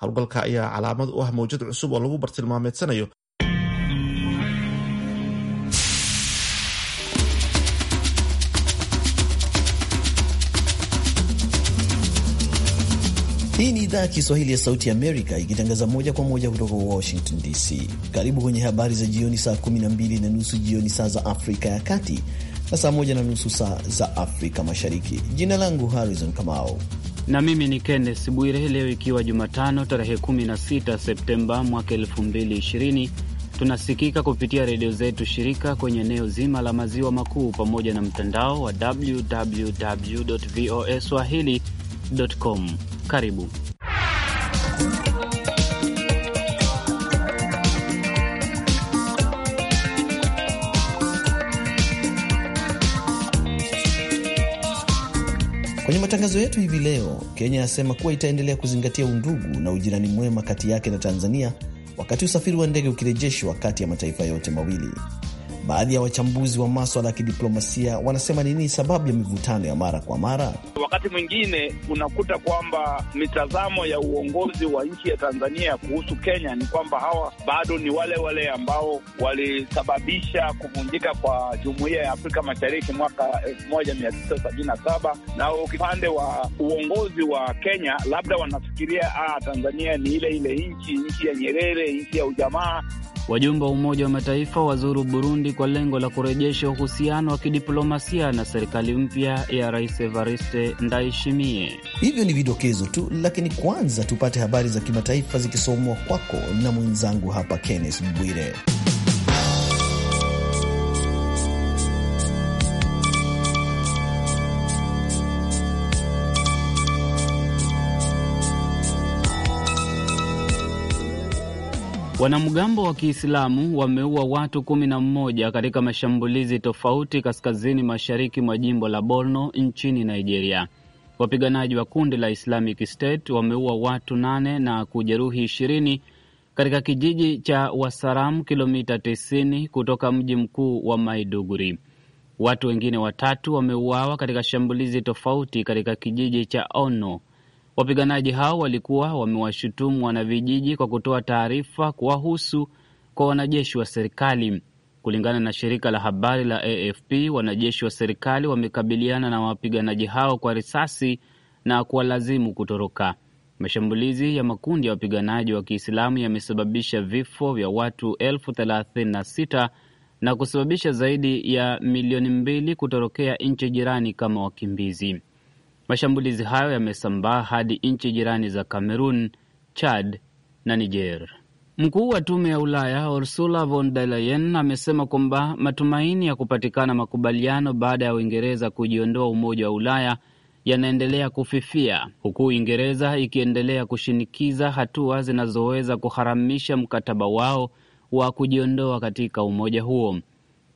howlgalka ayaa calaamad u ah mawjad cusub oo lagu bartilmaameedsanayo Hii ni idhaa ya Kiswahili ya Sauti Amerika ikitangaza moja kwa moja kutoka Washington DC. Karibu kwenye habari za jioni, saa 12 na nusu jioni saa za Afrika ya Kati na saa 1 na nusu saa za Afrika Mashariki. Jina langu Harrison Kamau na mimi ni kennes Bwire. Leo ikiwa Jumatano tarehe 16 Septemba mwaka 2020 tunasikika kupitia redio zetu shirika kwenye eneo zima la maziwa makuu pamoja na mtandao wa www voa swahili.com. Karibu. Kwenye matangazo yetu hivi leo, Kenya yasema kuwa itaendelea kuzingatia undugu na ujirani mwema kati yake na Tanzania wakati usafiri wa ndege ukirejeshwa kati ya mataifa yote mawili. Baadhi ya wachambuzi wa maswala ya kidiplomasia wanasema nini sababu ya mivutano ya mara kwa mara? Wakati mwingine unakuta kwamba mitazamo ya uongozi wa nchi ya Tanzania kuhusu Kenya ni kwamba hawa bado ni wale wale ambao walisababisha kuvunjika kwa jumuiya ya Afrika Mashariki mwaka 1977 na upande wa uongozi wa Kenya labda wanafikiria ah, Tanzania ni ile ile nchi nchi ya Nyerere, nchi ya ujamaa Wajumbe wa Umoja wa Mataifa wazuru Burundi kwa lengo la kurejesha uhusiano wa kidiplomasia na serikali mpya ya Rais Evariste Ndayishimiye. Hivyo ni vidokezo tu, lakini kwanza tupate habari za kimataifa zikisomwa kwako na mwenzangu hapa Kenneth Bwire. Wanamgambo wa Kiislamu wameua watu kumi na mmoja katika mashambulizi tofauti kaskazini mashariki mwa jimbo la Borno nchini Nigeria. Wapiganaji wa kundi la Islamic State wameua watu nane na kujeruhi ishirini katika kijiji cha Wasaram, kilomita 90 kutoka mji mkuu wa Maiduguri. Watu wengine watatu wameuawa katika shambulizi tofauti katika kijiji cha Ono Wapiganaji hao walikuwa wamewashutumu wanavijiji kwa kutoa taarifa kuwahusu kwa wanajeshi wa serikali. Kulingana na shirika la habari la AFP, wanajeshi wa serikali wamekabiliana na wapiganaji hao kwa risasi na kuwalazimu kutoroka. Mashambulizi ya makundi ya wapiganaji wa Kiislamu yamesababisha vifo vya watu elfu thelathini na sita na kusababisha zaidi ya milioni mbili kutorokea nchi jirani kama wakimbizi. Mashambulizi hayo yamesambaa hadi nchi jirani za cameron Chad na Niger. Mkuu wa tume ya Ulaya Ursula von der Leyen amesema kwamba matumaini ya kupatikana makubaliano baada ya Uingereza kujiondoa Umoja wa Ulaya yanaendelea kufifia huku Uingereza ikiendelea kushinikiza hatua zinazoweza kuharamisha mkataba wao wa kujiondoa katika umoja huo.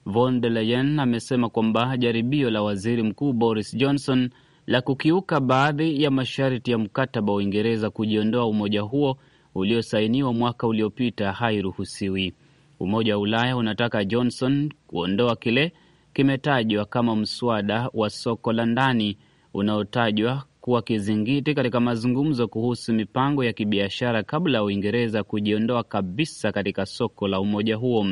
Von der Leyen amesema kwamba jaribio la waziri mkuu Boris Johnson la kukiuka baadhi ya masharti ya mkataba wa Uingereza kujiondoa umoja huo uliosainiwa mwaka uliopita hairuhusiwi. Umoja wa Ulaya unataka Johnson kuondoa kile kimetajwa kama mswada wa soko la ndani unaotajwa kuwa kizingiti katika mazungumzo kuhusu mipango ya kibiashara kabla ya Uingereza kujiondoa kabisa katika soko la umoja huo.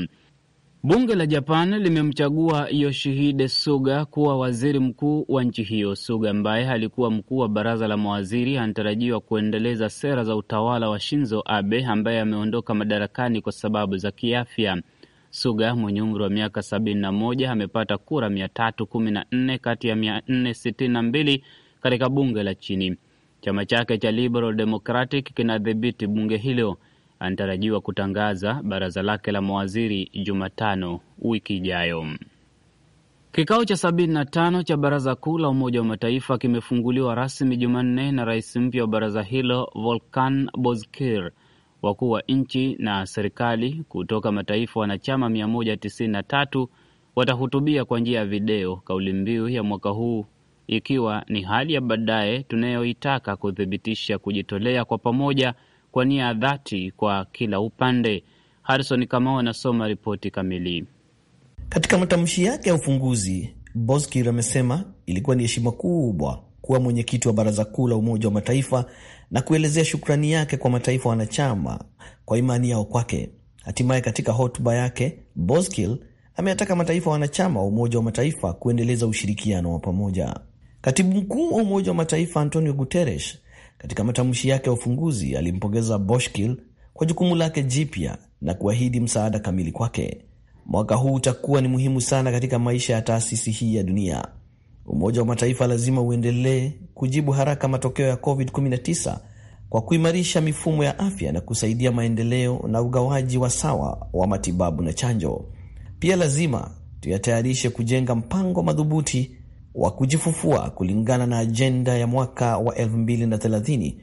Bunge la Japan limemchagua Yoshihide Suga kuwa waziri mkuu wa nchi hiyo. Suga ambaye alikuwa mkuu wa baraza la mawaziri anatarajiwa kuendeleza sera za utawala wa Shinzo Abe ambaye ameondoka madarakani kwa sababu za kiafya. Suga mwenye umri wa miaka 71 amepata kura 314 kati ya 462 katika bunge la chini. Chama chake cha Liberal Democratic kinadhibiti bunge hilo anatarajiwa kutangaza baraza lake la mawaziri Jumatano wiki ijayo. Kikao cha 75 cha baraza kuu la Umoja wa Mataifa kimefunguliwa rasmi Jumanne na rais mpya wa baraza hilo Volkan Bozkir. Wakuu wa nchi na serikali kutoka mataifa wanachama 193 watahutubia kwa njia ya video, kauli mbiu ya mwaka huu ikiwa ni hali ya baadaye tunayoitaka kuthibitisha kujitolea kwa pamoja kwa nia ya dhati kwa kila upande. Harison Kamau anasoma ripoti kamili. Katika matamshi yake ya ufunguzi, Boskir amesema ilikuwa ni heshima kubwa kuwa mwenyekiti wa Baraza Kuu la Umoja wa Mataifa na kuelezea shukrani yake kwa mataifa wanachama kwa imani yao kwake. Hatimaye, katika hotuba yake, Boskil ameyataka mataifa wanachama wa Umoja wa Mataifa kuendeleza ushirikiano wa pamoja. Katibu mkuu wa Umoja wa Mataifa Antonio Guterres katika matamshi yake ya ufunguzi, alimpongeza Boshkil kwa jukumu lake jipya na kuahidi msaada kamili kwake. Mwaka huu utakuwa ni muhimu sana katika maisha ya taasisi hii ya dunia. Umoja wa Mataifa lazima uendelee kujibu haraka matokeo ya COVID-19 kwa kuimarisha mifumo ya afya na kusaidia maendeleo na ugawaji wa sawa wa matibabu na chanjo. Pia lazima tuyatayarishe kujenga mpango madhubuti wa kujifufua kulingana na ajenda ya mwaka wa 2030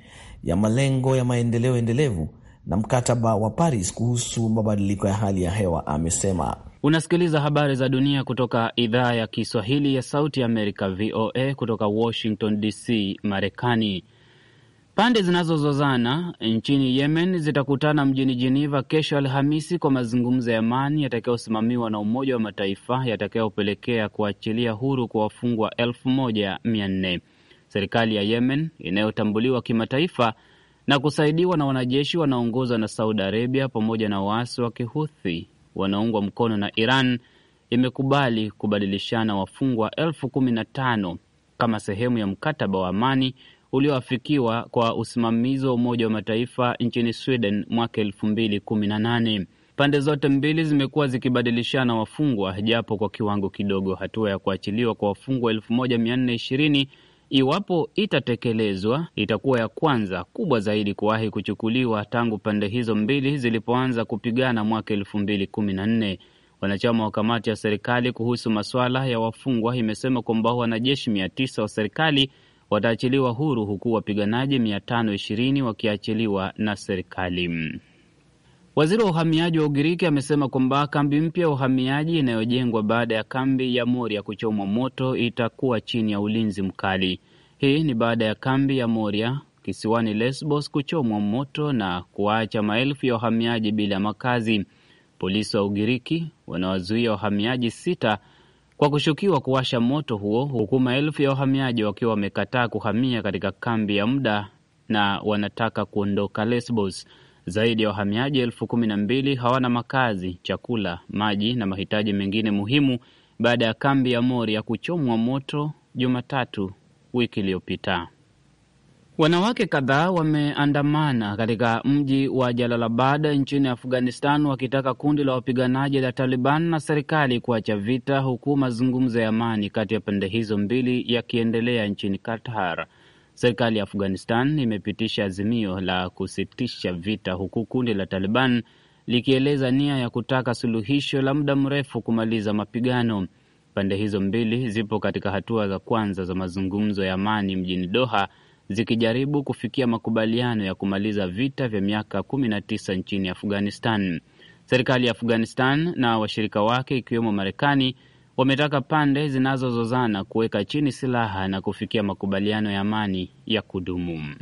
ya malengo ya maendeleo endelevu na mkataba wa Paris kuhusu mabadiliko ya hali ya hewa, amesema. Unasikiliza habari za dunia kutoka idhaa ya Kiswahili ya Sauti ya Amerika, VOA, kutoka Washington DC, Marekani. Pande zinazozozana nchini Yemen zitakutana mjini Jeneva kesho Alhamisi kwa mazungumzo ya amani yatakayosimamiwa na Umoja wa Mataifa yatakayopelekea kuachilia huru kwa wafungwa elfu moja mia nne. Serikali ya Yemen inayotambuliwa kimataifa na kusaidiwa na wanajeshi wanaoongozwa na Saudi Arabia pamoja na waasi wa Kihuthi wanaoungwa mkono na Iran imekubali kubadilishana wafungwa elfu kumi na tano kama sehemu ya mkataba wa amani ulioafikiwa kwa usimamizi wa Umoja wa Mataifa nchini Sweden mwaka elfu mbili kumi na nane. Pande zote mbili zimekuwa zikibadilishana wafungwa japo kwa kiwango kidogo. Hatua ya kuachiliwa kwa wafungwa elfu moja mia nne ishirini iwapo itatekelezwa itakuwa ya kwanza kubwa zaidi kuwahi kuchukuliwa tangu pande hizo mbili zilipoanza kupigana mwaka elfu mbili kumi na nne. Wanachama wa kamati ya serikali kuhusu masuala ya wafungwa imesema kwamba wanajeshi mia tisa wa serikali wataachiliwa huru huku wapiganaji 520 wakiachiliwa na serikali. Waziri wa uhamiaji wa Ugiriki amesema kwamba kambi mpya ya uhamiaji inayojengwa baada ya kambi ya Moria kuchomwa moto itakuwa chini ya ulinzi mkali. Hii ni baada ya kambi ya Moria kisiwani Lesbos kuchomwa moto na kuwaacha maelfu ya wahamiaji bila makazi. Polisi wa Ugiriki wanawazuia wahamiaji sita kwa kushukiwa kuwasha moto huo, huku maelfu ya wahamiaji wakiwa wamekataa kuhamia katika kambi ya muda na wanataka kuondoka Lesbos. Zaidi ya wahamiaji elfu kumi na mbili hawana makazi, chakula, maji na mahitaji mengine muhimu baada ya kambi ya Moria kuchomwa moto Jumatatu wiki iliyopita. Wanawake kadhaa wameandamana katika mji wa Jalalabad nchini Afghanistan wakitaka kundi la wapiganaji la Taliban na serikali kuacha vita, huku mazungumzo ya amani kati ya pande hizo mbili yakiendelea nchini Qatar. Serikali ya Afghanistan imepitisha azimio la kusitisha vita, huku kundi la Taliban likieleza nia ya kutaka suluhisho la muda mrefu kumaliza mapigano. Pande hizo mbili zipo katika hatua za kwanza za mazungumzo ya amani mjini Doha zikijaribu kufikia makubaliano ya kumaliza vita vya miaka kumi na tisa nchini Afghanistan. Serikali ya Afghanistan na washirika wake ikiwemo Marekani wametaka pande zinazozozana kuweka chini silaha na kufikia makubaliano ya amani ya kudumu.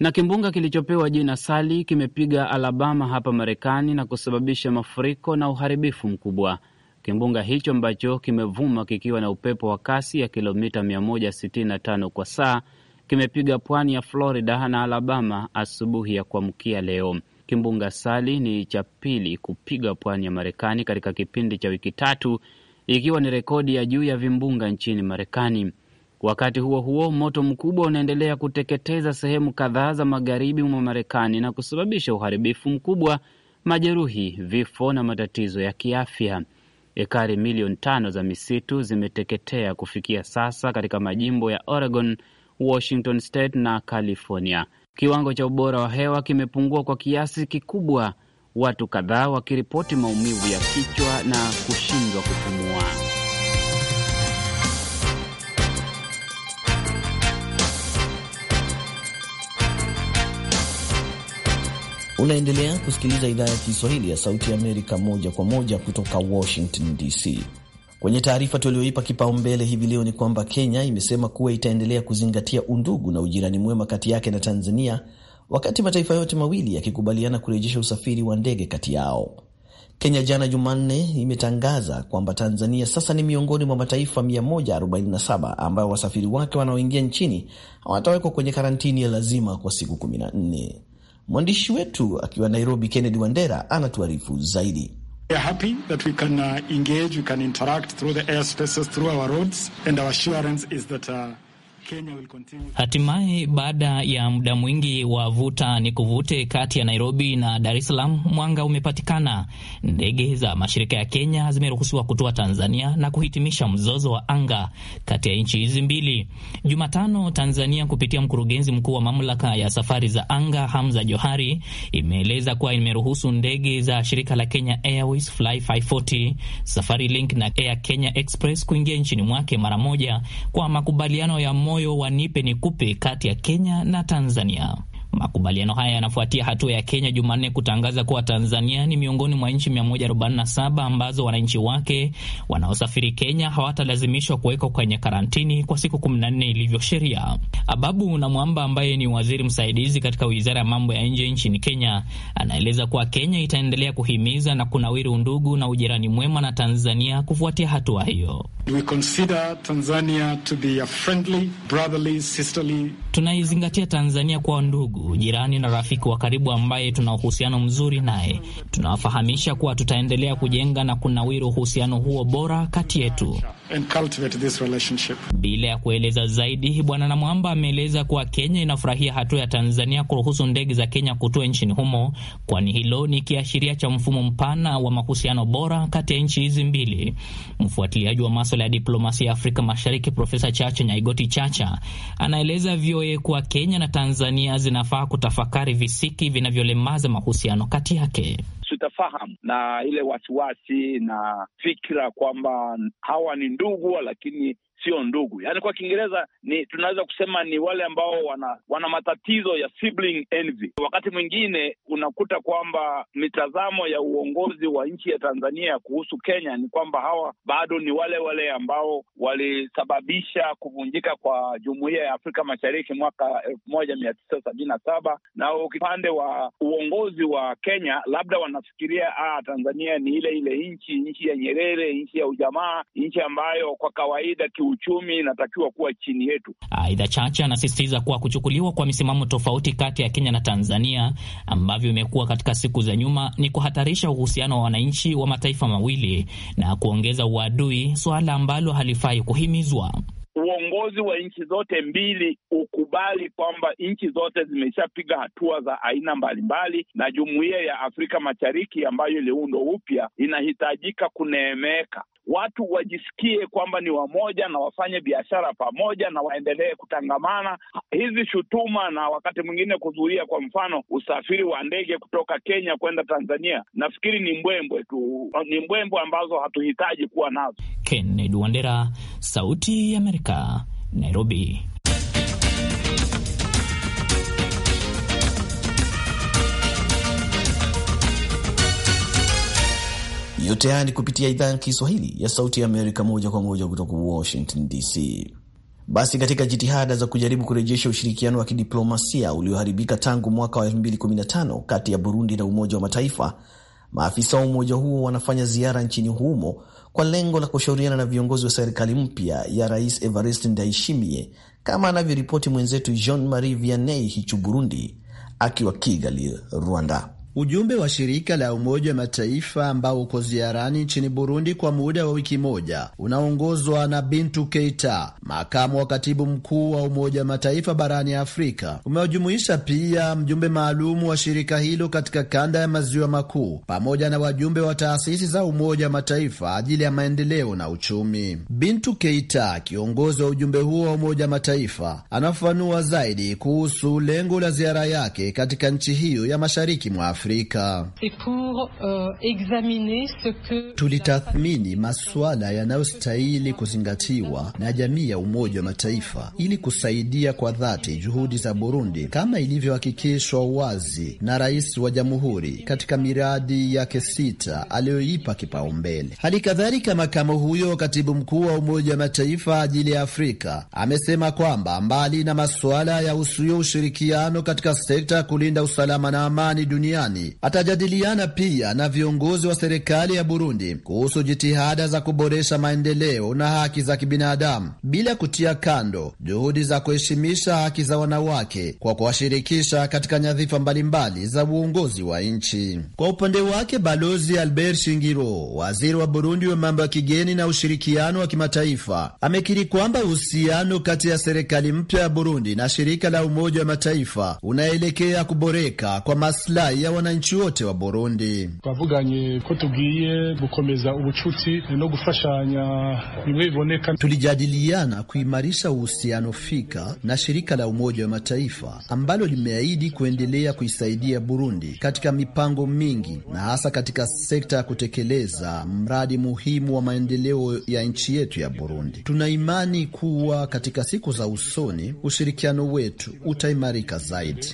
Na kimbunga kilichopewa jina Sali kimepiga Alabama hapa Marekani na kusababisha mafuriko na uharibifu mkubwa. Kimbunga hicho ambacho kimevuma kikiwa na upepo wa kasi ya kilomita 165 kwa saa kimepiga pwani ya Florida na Alabama asubuhi ya kuamkia leo. Kimbunga sali ni cha pili kupiga pwani ya Marekani katika kipindi cha wiki tatu, ikiwa ni rekodi ya juu ya vimbunga nchini Marekani. Wakati huo huo, moto mkubwa unaendelea kuteketeza sehemu kadhaa za magharibi mwa Marekani na kusababisha uharibifu mkubwa, majeruhi, vifo na matatizo ya kiafya. Ekari milioni tano za misitu zimeteketea kufikia sasa katika majimbo ya Oregon, Washington State na California. Kiwango cha ubora wa hewa kimepungua kwa kiasi kikubwa, watu kadhaa wakiripoti maumivu ya kichwa na kushindwa kupumua. Unaendelea kusikiliza idhaa ya Kiswahili ya Sauti ya Amerika moja kwa moja kutoka Washington DC. Kwenye taarifa tulioipa kipaumbele hivi leo ni kwamba Kenya imesema kuwa itaendelea kuzingatia undugu na ujirani mwema kati yake na Tanzania, wakati mataifa yote mawili yakikubaliana kurejesha usafiri wa ndege kati yao. Kenya jana Jumanne imetangaza kwamba Tanzania sasa ni miongoni mwa mataifa 147 ambayo wasafiri wake wanaoingia nchini hawatawekwa kwenye karantini ya lazima kwa siku 14. Mwandishi wetu akiwa Nairobi, Kennedy Wandera anatuarifu zaidi. We are happy that we can uh, engage, we can interact through the airspaces, through our roads, and our assurance is that uh Hatimaye, baada ya muda mwingi wa vuta ni kuvute kati ya Nairobi na Dar es Salaam, mwanga umepatikana. Ndege za mashirika ya Kenya zimeruhusiwa kutua Tanzania na kuhitimisha mzozo wa anga kati ya nchi hizi mbili. Jumatano, Tanzania kupitia mkurugenzi mkuu wa mamlaka ya safari za anga Hamza Johari imeeleza kuwa imeruhusu ndege za shirika la Kenya Airways, Fly 540, Safari Link na Air Kenya Express kuingia nchini mwake mara moja kwa makubaliano ya moja moyo wa nipe nikupe kati ya Kenya na Tanzania. Makubaliano haya yanafuatia hatua ya Kenya Jumanne kutangaza kuwa Tanzania ni miongoni mwa nchi 147 ambazo wananchi wake wanaosafiri Kenya hawatalazimishwa kuwekwa kwenye karantini kwa siku 14 ilivyo sheria. Ababu na Mwamba ambaye ni waziri msaidizi katika wizara ya mambo ya nje nchini Kenya anaeleza kuwa Kenya itaendelea kuhimiza na kunawiri undugu na ujirani mwema na Tanzania kufuatia hatua hiyo. We consider Tanzania to be a friendly, brotherly, sisterly Tunaizingatia Tanzania kwa ndugu, jirani na rafiki wa karibu ambaye tuna uhusiano mzuri naye. Tunawafahamisha kuwa tutaendelea kujenga na kunawiri uhusiano huo bora kati yetu bila ya kueleza zaidi. Bwana Namwamba ameeleza kuwa Kenya inafurahia hatua ya Tanzania kuruhusu ndege za Kenya kutua nchini humo, kwani hilo ni kiashiria cha mfumo mpana wa mahusiano bora kati ya nchi hizi mbili. Mfuatiliaji wa maswala ya diplomasia ya Afrika Mashariki Profesa Chacha Nyaigoti Chacha anaeleza vio Mbowe kuwa Kenya na Tanzania zinafaa kutafakari visiki vinavyolemaza mahusiano kati yake. Tutafahamu na ile wasiwasi na fikira kwamba hawa ni ndugu, lakini sio ndugu. Yaani kwa Kiingereza ni tunaweza kusema ni wale ambao wana wana matatizo ya sibling envy. Wakati mwingine unakuta kwamba mitazamo ya uongozi wa nchi ya Tanzania kuhusu Kenya ni kwamba hawa bado ni wale wale ambao walisababisha kuvunjika kwa Jumuiya ya Afrika Mashariki mwaka elfu moja mia tisa sabini na saba na upande wa uongozi wa Kenya labda wanafikiria ah, Tanzania ni ile ile nchi nchi ya Nyerere, nchi ya ujamaa, nchi ambayo kwa kawaida ki kiuchumi inatakiwa kuwa chini yetu. Aidha, Chacha anasisitiza kuwa kuchukuliwa kwa misimamo tofauti kati ya Kenya na Tanzania ambavyo imekuwa katika siku za nyuma ni kuhatarisha uhusiano wa wananchi wa mataifa mawili na kuongeza uadui, suala ambalo halifai kuhimizwa. Uongozi wa nchi zote mbili ukubali kwamba nchi zote zimeshapiga hatua za aina mbalimbali, na jumuiya ya Afrika Mashariki ambayo iliundwa upya inahitajika kuneemeka watu wajisikie kwamba ni wamoja na wafanye biashara pamoja na waendelee kutangamana. Hizi shutuma na wakati mwingine kuzuia, kwa mfano, usafiri wa ndege kutoka Kenya kwenda Tanzania, nafikiri ni mbwembwe tu, ni mbwembwe ambazo hatuhitaji kuwa nazo. Kennedy Wandera, Sauti ya Amerika, Nairobi. Yote haya ni kupitia idhaa ya Kiswahili ya Sauti ya Amerika, moja kwa moja kutoka Washington DC. Basi katika jitihada za kujaribu kurejesha ushirikiano wa kidiplomasia ulioharibika tangu mwaka wa 2015 kati ya Burundi na Umoja wa Mataifa, maafisa wa umoja huo wanafanya ziara nchini humo kwa lengo la kushauriana na viongozi wa serikali mpya ya Rais Evariste Ndayishimiye, kama anavyoripoti mwenzetu Jean Marie Vianney Hichu Burundi akiwa Kigali, Rwanda. Ujumbe wa shirika la Umoja wa Mataifa ambao uko ziarani nchini Burundi kwa muda wa wiki moja unaongozwa na Bintu Keita, makamu wa katibu mkuu wa Umoja wa Mataifa barani Afrika, umewajumuisha pia mjumbe maalumu wa shirika hilo katika kanda ya maziwa makuu pamoja na wajumbe wa taasisi za Umoja wa Mataifa ajili ya maendeleo na uchumi. Bintu Keita, kiongozi wa ujumbe huo wa Umoja wa Mataifa, anafafanua zaidi kuhusu lengo la ziara yake katika nchi hiyo ya mashariki mwa Afrika. Afrika. Euh, Tulitathmini masuala yanayostahili kuzingatiwa na jamii ya Umoja wa Mataifa ili kusaidia kwa dhati juhudi za Burundi kama ilivyohakikishwa wazi na Rais wa Jamhuri katika miradi yake sita aliyoipa kipaumbele. Hali kadhalika, makamu huyo katibu mkuu wa Umoja wa Mataifa ajili ya Afrika amesema kwamba mbali na masuala ya usuyo ushirikiano katika sekta ya kulinda usalama na amani duniani Marekani. Atajadiliana pia na viongozi wa serikali ya Burundi kuhusu jitihada za kuboresha maendeleo na haki za kibinadamu bila kutia kando juhudi za kuheshimisha haki za wanawake kwa kuwashirikisha katika nyadhifa mbalimbali za uongozi wa nchi. Kwa upande wake, Balozi Albert Shingiro, waziri wa Burundi wa mambo ya kigeni na ushirikiano wa kimataifa, amekiri kwamba uhusiano kati ya serikali mpya ya Burundi na shirika la Umoja wa Mataifa unaelekea kuboreka kwa maslahi ya wananchi wote wa Burundi twavuganye ko tugiye gukomeza ubucuti no gufashanya bimwe biboneka. Tulijadiliana kuimarisha uhusiano fika na shirika la Umoja wa Mataifa ambalo limeahidi kuendelea kuisaidia Burundi katika mipango mingi na hasa katika sekta ya kutekeleza mradi muhimu wa maendeleo ya nchi yetu ya Burundi. Tuna imani kuwa katika siku za usoni ushirikiano wetu utaimarika zaidi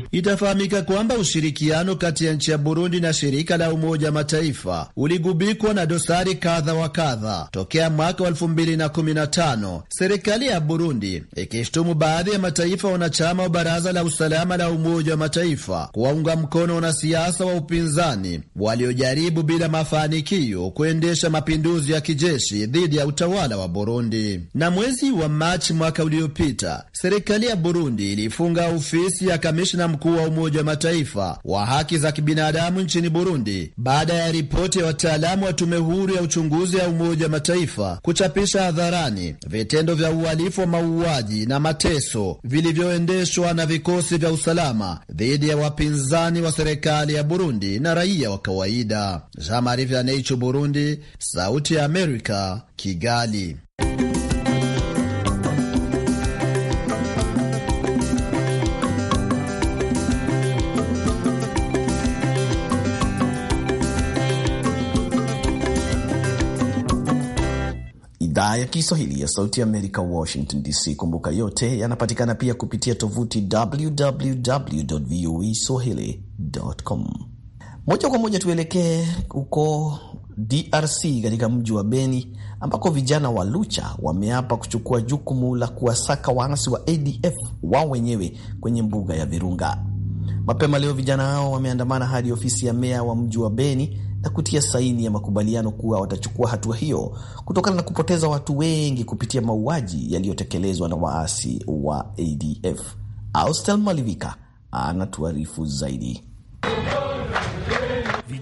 kuathirika. Itafahamika kwamba ushirikiano kati ya nchi ya Burundi na shirika la Umoja Mataifa uligubikwa na dosari kadha wa kadha tokea mwaka wa 2015 serikali ya Burundi ikishtumu baadhi ya mataifa wanachama wa Baraza la Usalama la Umoja wa Mataifa kuwaunga mkono wanasiasa wa upinzani waliojaribu bila mafanikio kuendesha mapinduzi ya kijeshi dhidi ya utawala wa Burundi. Na mwezi wa Machi mwaka uliopita serikali ya Burundi ilifunga ofisi ya kamishna na mkuu wa Umoja wa Mataifa wa haki za kibinadamu nchini Burundi baada ya ripoti ya wataalamu wa tume huru ya uchunguzi ya Umoja wa Mataifa kuchapisha hadharani vitendo vya uhalifu wa mauaji na mateso vilivyoendeshwa na vikosi vya usalama dhidi ya wapinzani wa serikali ya Burundi na raia wa kawaida. Burundi, Sauti ya Amerika, Kigali. idhaa ya Kiswahili ya Sauti Amerika, Washington DC. Kumbuka yote yanapatikana pia kupitia tovuti www voa swahili.com. Moja kwa moja tuelekee huko DRC katika mji wa Beni ambako vijana wa Lucha wameapa kuchukua jukumu la kuwasaka waasi wa ADF wao wenyewe kwenye mbuga ya Virunga. Mapema leo vijana hao wameandamana hadi ofisi ya meya wa mji wa Beni na kutia saini ya makubaliano kuwa watachukua hatua hiyo kutokana na kupoteza watu wengi kupitia mauaji yaliyotekelezwa na waasi wa ADF. Austel Malivika anatuarifu zaidi.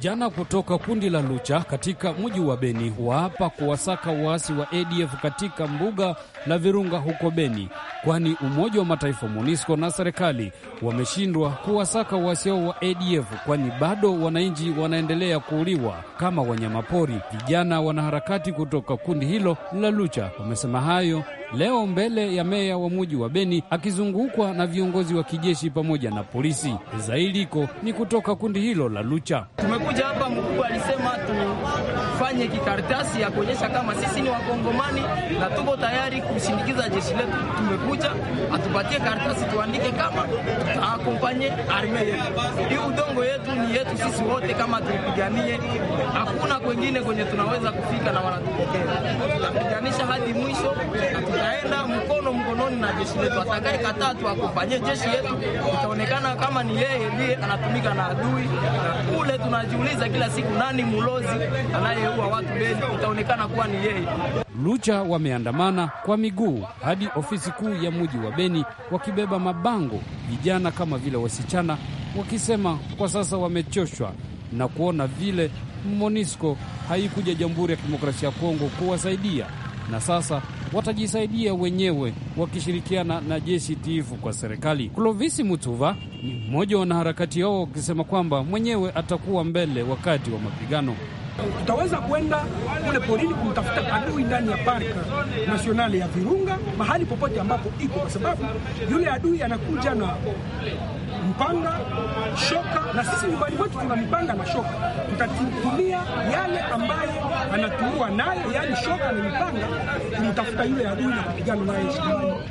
Vijana kutoka kundi la Lucha katika mji wa Beni waapa kuwasaka waasi wa ADF katika mbuga la Virunga huko Beni, kwani Umoja wa Mataifa, MONUSCO na serikali wameshindwa kuwasaka waasi hao wa ADF, kwani bado wananchi wanaendelea kuuliwa kama wanyamapori. Vijana wanaharakati kutoka kundi hilo la Lucha wamesema hayo leo mbele ya meya wa muji wa Beni akizungukwa na viongozi wa kijeshi pamoja na polisi. Zairiko ni kutoka kundi hilo la Lucha. Tumekuja hapa, mkubwa alisema tu tufanye kikaratasi ya kuonyesha kama sisi ni wakongomani na tuko tayari kusindikiza jeshi letu. Tumekuja atupatie karatasi tuandike kama akompanye arme yetu. Hii udongo yetu ni yetu sisi wote, kama tuipiganie, hakuna kwengine kwenye tunaweza kufika na wanatupokea. Tutapiganisha hadi mwisho na tutaenda mkono mkononi na jeshi letu. Atakaye kataa tuakompanye jeshi yetu, itaonekana kama ni yeye ndiye anatumika na adui, na kule tunajiuliza kila siku, nani mulozi anaye wa watu mbele utaonekana kuwa ni yeye. Lucha wameandamana kwa miguu hadi ofisi kuu ya mji wa Beni wakibeba mabango, vijana kama vile wasichana, wakisema kwa sasa wamechoshwa na kuona vile Monisco haikuja Jamhuri ya Kidemokrasia ya Kongo kuwasaidia na sasa watajisaidia wenyewe wakishirikiana na jeshi tiifu kwa serikali. Clovis Mutuva ni mmoja wa wanaharakati hao, wakisema kwamba mwenyewe atakuwa mbele wakati wa mapigano. Tutaweza kwenda kule porini kumtafuta adui ndani ya park nasionali ya Virunga, mahali popote ambapo iko, kwa sababu yule adui anakuja na mpanga shoka, na sisi nyumbani kwetu tuna mipanga na shoka. Tutatumia yale ambaye anatuua naye yaani shoka na mipanga, kumtafuta yule adui na kupigana naye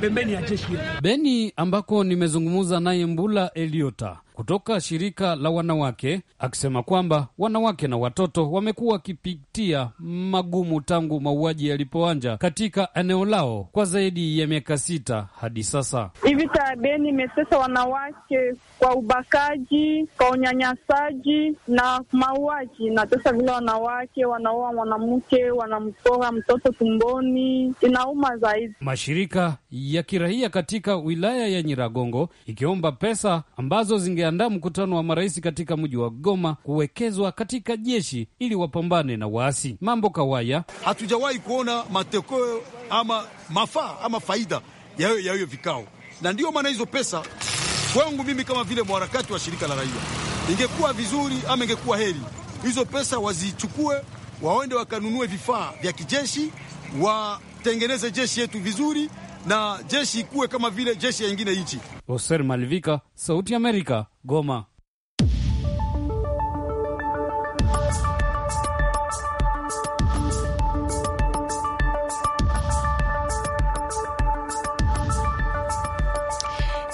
pembeni ya jeshi. Beni ambako nimezungumza naye Mbula Eliota kutoka shirika la wanawake akisema kwamba wanawake na watoto wamekuwa wakipitia magumu tangu mauaji yalipoanja katika eneo lao kwa zaidi ya miaka sita hadi sasa. Hivi taabeni imetesa wanawake kwa ubakaji, kwa unyanyasaji na mauaji. Inatesa vile wanawake wanaoa mwanamke, wanamtoa mtoto tumboni, inauma zaidi. Mashirika ya kiraia katika wilaya ya Nyiragongo ikiomba pesa ambazo zinge wameandaa mkutano wa marais katika mji wa Goma kuwekezwa katika jeshi ili wapambane na waasi. Mambo kawaya, hatujawahi kuona matokeo ama mafaa ama faida ya hiyo vikao, na ndiyo maana hizo pesa kwangu mimi kama vile mwharakati wa shirika la raia, ingekuwa vizuri ama ingekuwa heri hizo pesa wazichukue, waende wakanunue vifaa vya kijeshi, watengeneze jeshi yetu vizuri na jeshi ikuwe kama vile jeshi ya ingine nchi. Hoser Malvika, Sauti ya Amerika, Goma.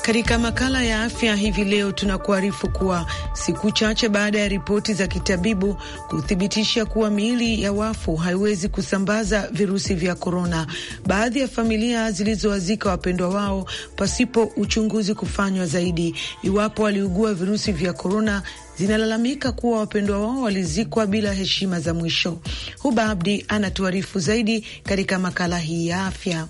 Katika makala ya afya hivi leo tunakuarifu kuwa siku chache baada ya ripoti za kitabibu kuthibitisha kuwa miili ya wafu haiwezi kusambaza virusi vya korona, baadhi ya familia zilizowazika wapendwa wao pasipo uchunguzi kufanywa zaidi iwapo waliugua virusi vya korona zinalalamika kuwa wapendwa wao walizikwa bila heshima za mwisho. Huba Abdi anatuarifu zaidi katika makala hii ya afya.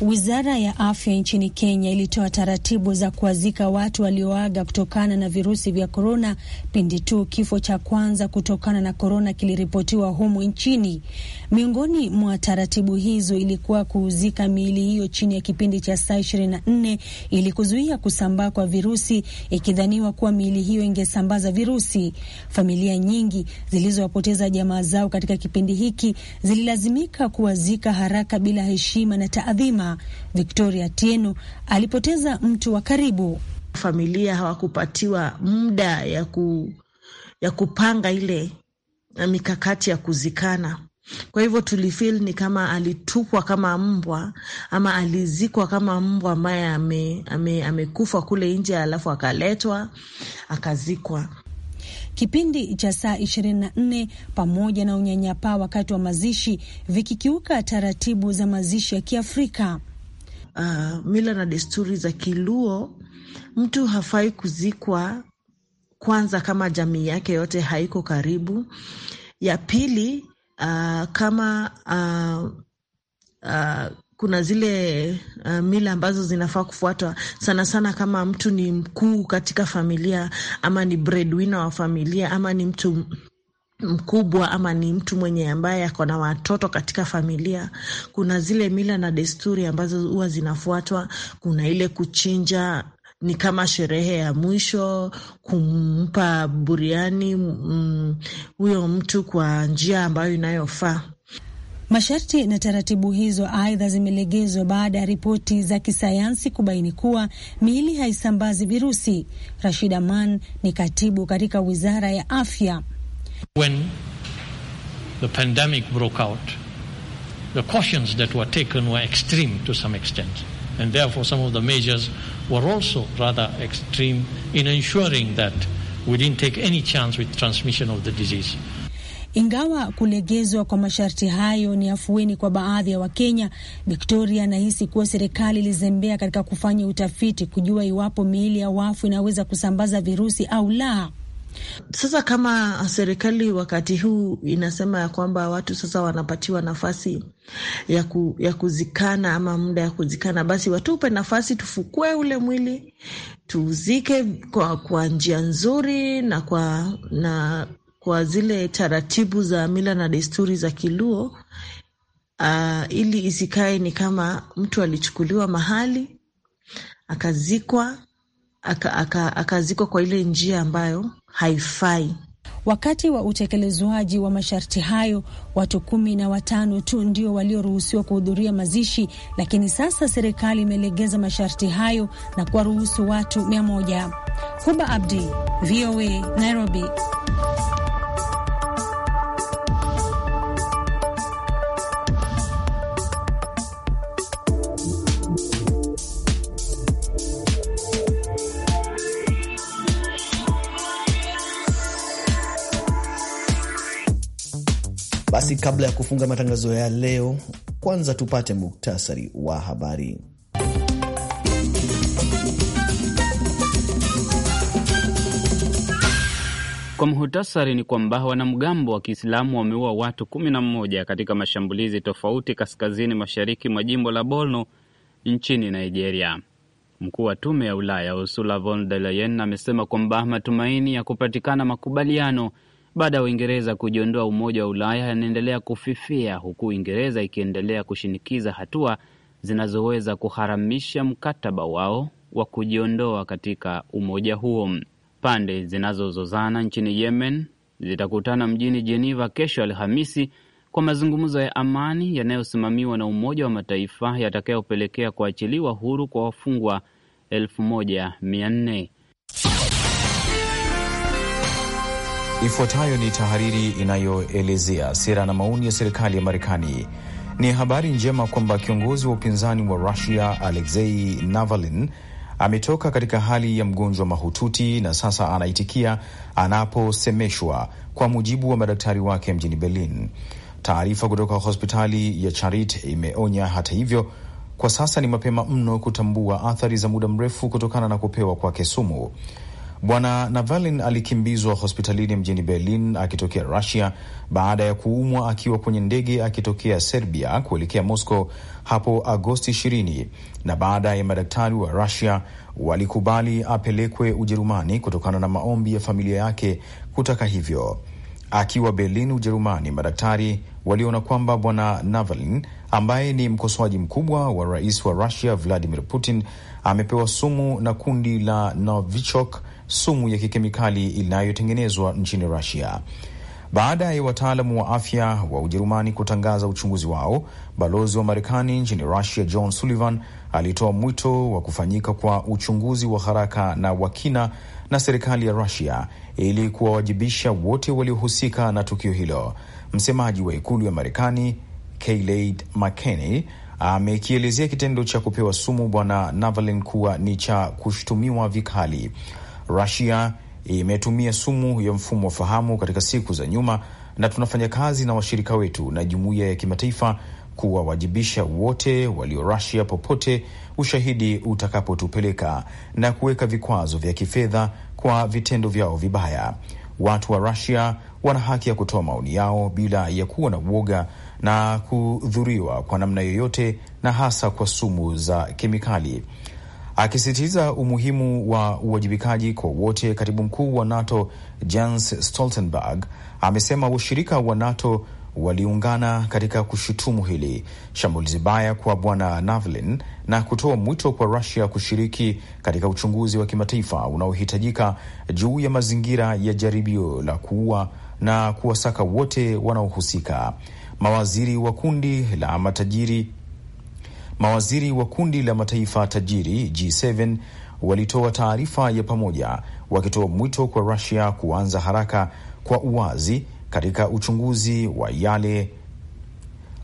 Wizara ya afya nchini Kenya ilitoa taratibu za kuwazika watu walioaga kutokana na virusi vya korona pindi tu kifo cha kwanza kutokana na korona kiliripotiwa humu nchini. Miongoni mwa taratibu hizo ilikuwa kuuzika miili hiyo chini ya kipindi cha saa ishirini na nne ili kuzuia kusambaa kwa virusi, ikidhaniwa kuwa miili hiyo ingesambaza virusi. Familia nyingi zilizowapoteza jamaa zao katika kipindi hiki zililazimika kuwazika haraka bila heshima na taadhima. Victoria Tieno alipoteza mtu wa karibu. Familia hawakupatiwa muda ya, ku, ya kupanga ile mikakati ya kuzikana kwa hivyo tulifil ni kama alitupwa kama mbwa ama alizikwa kama mbwa ambaye amekufa ame, ame kule nje, alafu akaletwa akazikwa. Kipindi cha saa 24 pamoja na unyanyapaa wakati wa mazishi vikikiuka taratibu za mazishi ya Kiafrika. Uh, mila na desturi za Kiluo, mtu hafai kuzikwa kwanza kama jamii yake yote haiko karibu. Ya pili uh, kama uh, uh, kuna zile uh, mila ambazo zinafaa kufuatwa sana sana, kama mtu ni mkuu katika familia ama ni breadwinner wa familia ama ni mtu mkubwa ama ni mtu mwenye ambaye ako na watoto katika familia, kuna zile mila na desturi ambazo huwa zinafuatwa. Kuna ile kuchinja ni kama sherehe ya mwisho, kumpa buriani mm, huyo mm, mtu kwa njia ambayo inayofaa. Masharti na taratibu hizo aidha zimelegezwa baada ya ripoti za kisayansi kubaini kuwa miili haisambazi virusi. Rashid Aman ni katibu katika wizara ya afya. When the pandemic broke out, the cautions that were taken were extreme to some extent. And therefore, some of the measures were also rather extreme in ensuring that we didn't take any chance with transmission of the disease. Ingawa kulegezwa kwa masharti hayo ni afueni kwa baadhi ya Wakenya, Victoria anahisi kuwa serikali ilizembea katika kufanya utafiti kujua iwapo miili ya wafu inaweza kusambaza virusi au la. Sasa kama serikali wakati huu inasema ya kwamba watu sasa wanapatiwa nafasi ya, ku, ya kuzikana ama muda ya kuzikana, basi watupe nafasi tufukue ule mwili tuzike kwa, kwa njia nzuri na kwa, na kwa zile taratibu za mila na desturi za Kiluo. Uh, ili isikae ni kama mtu alichukuliwa mahali akazikwa akazikwa aka, aka kwa ile njia ambayo haifai. Wakati wa utekelezwaji wa masharti hayo, watu kumi na watano tu ndio walioruhusiwa kuhudhuria mazishi, lakini sasa serikali imelegeza masharti hayo na kuwaruhusu watu mia moja. Huba Abdi, VOA, Nairobi. Basi kabla ya kufunga matangazo ya leo, kwanza tupate muktasari wa habari. Kwa muhtasari ni kwamba wanamgambo wa Kiislamu wameua watu kumi na mmoja katika mashambulizi tofauti kaskazini mashariki mwa jimbo la Borno nchini Nigeria. Mkuu wa tume ya Ulaya Ursula von der Leyen amesema kwamba matumaini ya kupatikana makubaliano baada ya Uingereza kujiondoa Umoja wa Ulaya yanaendelea kufifia huku Uingereza ikiendelea kushinikiza hatua zinazoweza kuharamisha mkataba wao wa kujiondoa katika umoja huo. Pande zinazozozana nchini Yemen zitakutana mjini Jeneva kesho Alhamisi kwa mazungumzo ya amani yanayosimamiwa na Umoja wa Mataifa yatakayopelekea kuachiliwa huru kwa wafungwa elfu moja mia nne. Ifuatayo ni tahariri inayoelezea sera na maoni ya serikali ya Marekani. Ni habari njema kwamba kiongozi wa upinzani wa Rusia Alexei Navalny ametoka katika hali ya mgonjwa mahututi na sasa anaitikia anaposemeshwa, kwa mujibu wa madaktari wake mjini Berlin. Taarifa kutoka hospitali ya Charite imeonya hata hivyo, kwa sasa ni mapema mno kutambua athari za muda mrefu kutokana na kupewa kwake sumu. Bwana navalin alikimbizwa hospitalini mjini Berlin akitokea rusia baada ya kuumwa akiwa kwenye ndege akitokea Serbia kuelekea Moscow hapo Agosti 20 na baada ya madaktari wa Rusia walikubali apelekwe Ujerumani kutokana na maombi ya familia yake kutaka hivyo. Akiwa Berlin, Ujerumani, madaktari waliona kwamba bwana navalin ambaye ni mkosoaji mkubwa wa rais wa rusia Vladimir Putin amepewa sumu na kundi la Novichok sumu ya kikemikali inayotengenezwa nchini Rusia. Baada ya wataalamu wa afya wa Ujerumani kutangaza uchunguzi wao, balozi wa Marekani nchini Rusia John Sullivan alitoa mwito wa kufanyika kwa uchunguzi wa haraka na wa kina na serikali ya Rusia ili kuwawajibisha wote waliohusika na tukio hilo. Msemaji wa ikulu ya Marekani Kayleigh McEnany amekielezea kitendo cha kupewa sumu bwana Navalny kuwa ni cha kushutumiwa vikali. Rusia imetumia sumu ya mfumo wa fahamu katika siku za nyuma, na tunafanya kazi na washirika wetu na jumuiya ya kimataifa kuwawajibisha wote walio Rusia popote ushahidi utakapotupeleka na kuweka vikwazo vya kifedha kwa vitendo vyao vibaya. Watu wa Rusia wana haki ya kutoa maoni yao bila ya kuwa na uoga na kudhuriwa kwa namna yoyote, na hasa kwa sumu za kemikali. Akisisitiza umuhimu wa uwajibikaji kwa wote, katibu mkuu wa NATO Jens Stoltenberg amesema washirika wa NATO waliungana katika kushutumu hili shambulizi baya kwa bwana Navalny na kutoa mwito kwa Rusia kushiriki katika uchunguzi wa kimataifa unaohitajika juu ya mazingira ya jaribio la kuua na kuwasaka wote wanaohusika. Mawaziri wa kundi la matajiri Mawaziri wa kundi la mataifa tajiri G7 walitoa taarifa ya pamoja wakitoa mwito kwa Rusia kuanza haraka kwa uwazi katika uchunguzi wa yale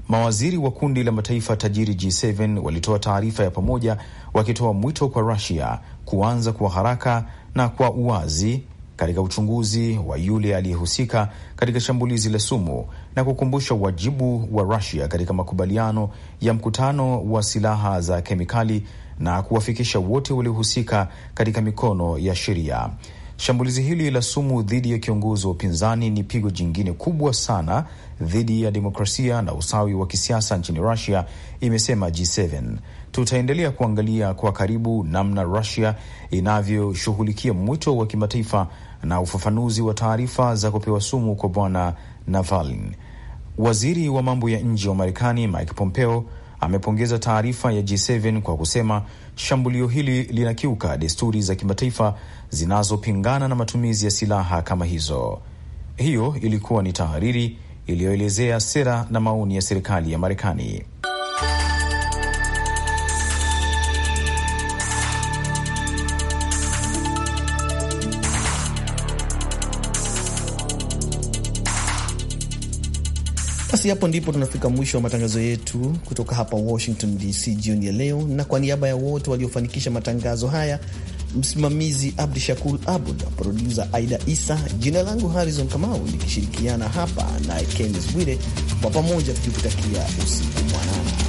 Mawaziri wa kundi la mataifa tajiri G7 walitoa taarifa ya pamoja wakitoa mwito kwa Rusia kuanza kwa haraka na kwa uwazi katika uchunguzi wa yule aliyehusika katika shambulizi la sumu na kukumbusha wajibu wa Rusia katika makubaliano ya mkutano wa silaha za kemikali na kuwafikisha wote waliohusika katika mikono ya sheria. Shambulizi hili la sumu dhidi ya kiongozi wa upinzani ni pigo jingine kubwa sana dhidi ya demokrasia na usawi wa kisiasa nchini Rusia, imesema G7. Tutaendelea kuangalia kwa karibu namna Rusia inavyoshughulikia mwito wa kimataifa na ufafanuzi wa taarifa za kupewa sumu kwa bwana Navalin. Waziri wa mambo ya nje wa Marekani Mike Pompeo amepongeza taarifa ya G7 kwa kusema shambulio hili linakiuka desturi za kimataifa zinazopingana na matumizi ya silaha kama hizo. Hiyo ilikuwa ni tahariri iliyoelezea sera na maoni ya serikali ya Marekani. Basi hapo ndipo tunafika mwisho wa matangazo yetu kutoka hapa Washington DC jioni ya leo, na kwa niaba ya wote waliofanikisha matangazo haya, msimamizi abdu Shakur Abud, produsa Aida Isa, jina langu Harrison Kamau nikishirikiana hapa naye Kennes Bwire, kwa pamoja tukikutakia usiku mwanana.